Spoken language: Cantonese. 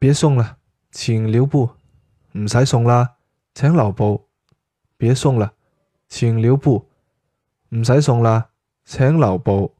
別送啦，請留步，唔使送啦，請留步。別送啦，請留步，唔使送啦，請留步。